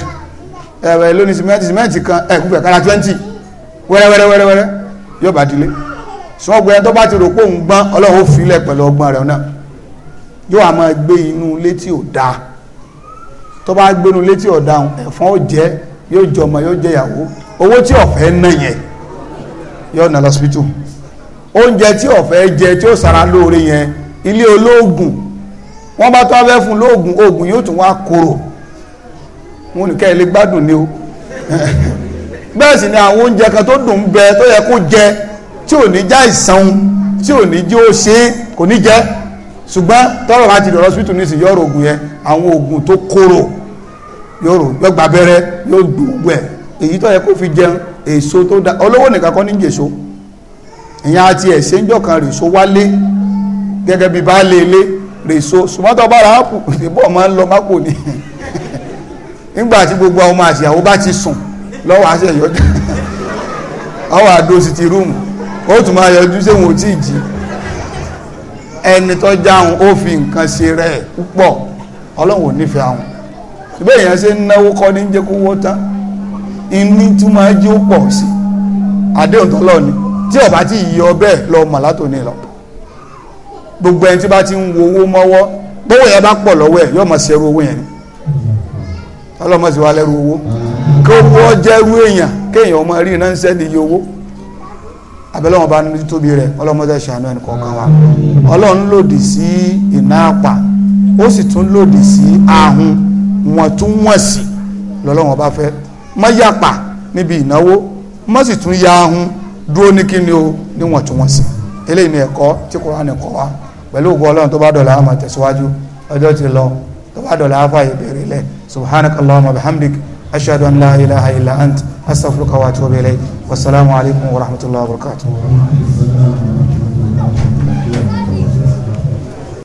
ẹ̀wẹ̀ lóni sìmẹ́ǹtì sìmẹ́ǹtì kan ẹ̀kúfẹ̀ kára twenty wẹ́rẹ́wẹ́rẹ́wẹ́rẹ́ yóò bá dilé sọ́gbọ́ ẹni tó bá ti rò pé òun gbọ́n ọlọ́run ó filẹ̀ pẹ̀lú ọgbọ́n rẹ̀ náà yóò àmọ́ gbé inú ilé tí tó bá gbé inú ilé ó jẹ́ yóò jẹ ọmọ yóò jẹ ìyàwó owó tí ọ̀fẹ́ nà yẹ yóò nà lọ́sibítù oúnjẹ tí ọ̀fẹ́ jẹ tí ó sara lóore yẹn ilé olóògùn wọ́n bá tó fún wọn nìkẹ́ ilé gbádùn ni o bẹ́ẹ̀ sì ni àwọn oúnjẹ kan tó dùn bẹ tó yẹ kó jẹ tí ò ní já ìsanwó tí ò ní jí ó ṣe kò ní jẹ ṣùgbọ́n tọrọ láti dọ̀rọ̀ hospital ní ìsìn ògùn yẹn àwọn ògùn tó kóró yọ̀rọ̀ yọ̀gbà abẹ́rẹ́ yóò gbogbo ẹ̀ èyí tó yẹ kó fi jẹun èso tó da olówó nìkan kọ́ ní jèso ìyẹn àti ẹ̀ṣẹ́ ń jọ̀kan rèso wálé gẹ́gẹ́ bí baálé ilé rèso ṣùgbọ́n tó bá ra ápù ìbọn máa ń lọ mápò ni nígbà tí gbogbo ọmọ àti ìyàwó bá ti sùn lọ́wọ́ àṣẹ ìyọjú ọwọ́ àdó sì ti rúùmù ó tún máa yọjú séwọn ò tí ì jí ẹni tó jáhùn ó fi nǹkan ṣe rẹ̀ púpọ̀ ọlọ́run ò nífẹ̀ẹ́ àwọn ṣùgbọ́n èèyàn ṣe ń náwó kọ́ ní jẹ́ kó wọ́ ìní tún máa jí ó pọ̀ sí àdéhùn tó lọ ni tí ọba ti yọ bẹ́ẹ̀ lọ mọ̀ látòní lọ gbogbo ẹni tí bá ti ń wo owó mọ́wọ́ gbówó yẹn bá pọ̀ lọ́wọ́ ẹ̀ yóò mọ̀ ṣerú owó yẹn ni ọlọ́mọ sì wá lẹ́rú owó kí owó jẹ́rú èèyàn kéèyàn ọmọ rí iná ń sẹ́ni iye owó abẹ́lẹ́wọ̀n bá ní tóbi rẹ̀ ọlọ́mọ tẹ̀ ṣàánú ẹnì kọ̀ọ̀kan wa ọlọ́run lòdì sí iná àpà ó sì tún lòdì sí ahun wọ̀ntúnwọ̀nsì lọ́lọ́wọ̀n bá fẹ́ má yàpà níbi ìnáwó má sì tún ya ahun dúró ní kíni o ní wọ̀ntúnwọ̀nsì eléyìí ni ẹ̀kọ́ tí Kùránì kọ́ wa pẹ̀lú ògùn ọlọ́run tó bá dọ̀la àmọ̀ tẹ̀síwájú ọjọ́ تبعد العافية بيري لي سبحانك اللهم وبحمدك أشهد أن لا إله إلا أنت أستغفرك وأتوب إليك والسلام عليكم ورحمة الله وبركاته